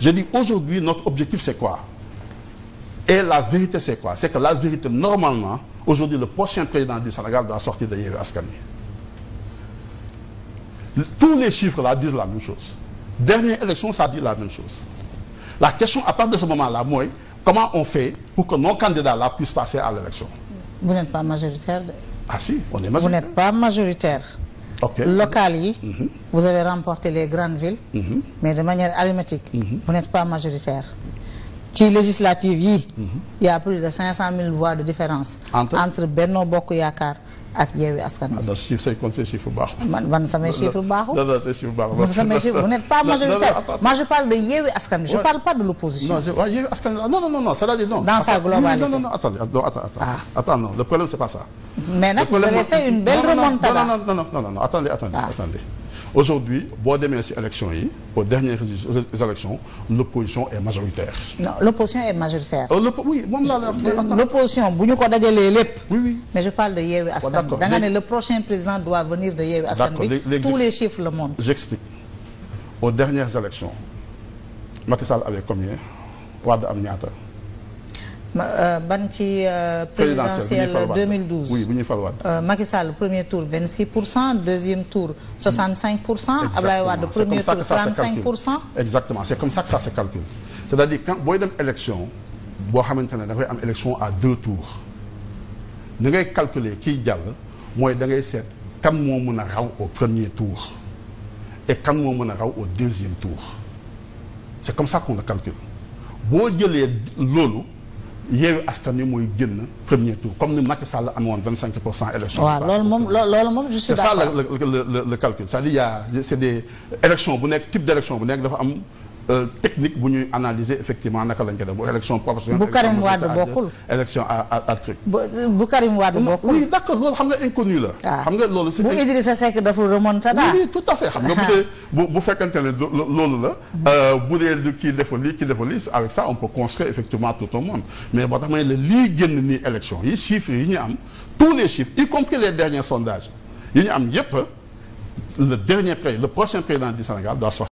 je dis aujourd'hui notre objectif c'est quoi et la vérité c'est quoi c'est que la vérité normalement aujourd'hui le prochain président du Sénégal doit sortir de Yewwi Askan Wi tous les chiffres là disent la même chose dernière élection ça dit la même chose la question à partir de ce moment là mooy comment on fait pour que nos candidats là puissent passer à l'élection vous n'êtes pas majoritaire ah si on est majoritaire vous n'êtes pas majoritaire ok locales yi. Mm -hmm. vous avez remporté les grandes villes. Mhm. mais de manière arithmétique. Mhm. vous n'êtes pas majoritaire. ci législative yi. Mhm. y plus de cinq cent mille voix de différence. entre, entre Benno Bokk Yaakaar. ak yeewi askan wi. ndax chiffre say conseil chiffre baaxul. man man samay chiffre baaxul. non non say chiffre baaxul. man samay chiffre vous n'êtes pas majoritaire. moi de yeewi askan je parle pas de l'opposition. non non non non non cest dire non. non non non attendez non attends aujourd'hui boo demee ci élection yi aux dernières élections l'opposition est majoritaire. non l'opposition est majoritaire. Euh, le, oui moom l'opposition bu ñu ko dajalee lépp. oui oui mais je parle de Yewwi Askan Wi. da nga ne le prochain président doit venir de Yewwi Askan Wi. tous les chiffres le montrent. j'explique aux dernières élections Macky Sall avait combien Wade am ñaata. Euh, ban ci euh, présidentielle 2012 oui bu ñuy falwaat euh, Macky Sall premier tour 26 pour cent deuxième tour 65 pour cent Ablaye Wade premier tour 35 pour cent exactement c'est comme ça que ça se calcule c'est-à-dire quand booy dem élection boo xamante ne da ngay am élection à deux tours ni ngay calculer kiy jàll mooy da ngay seet kan moo mën a raw au premier tour et kan moo mën a raw au deuxième tour c'est comme ça qu'on le calcule boo jëlee loolu yeewu askan wi mooy génn premier tour comme ni Macky Sall amee woon vingt cinq pour cent élection. waaw loolu moom loolu moom je suis d'accord c'est ça le le le le calcul c'est-à-dire y a c'est des bu nekk type d'élection bu nekk dafa am. Euh, technique bu ñuy analyser effectivement naka lañ koy def bu élection proportionnelle. bu Karim Wade bokkul élection à à à truc. bu Karim Wade xam nga inconnu la. Ah. xam nga loolu si. bu Idrissa Seck deful bu fekkente ne loolu la. Mm-hmm. Euh, bu dee kii deful lii kii deful lii avec ça on peut construire effectivement tout le monde mais boo tax ma ne la lii génn nii élection yi chiffres yi ñu am tous les chiffres y compris les derniers sondages yi ñu am yépp le dernier président le prochain président du Sénégal doit sortir.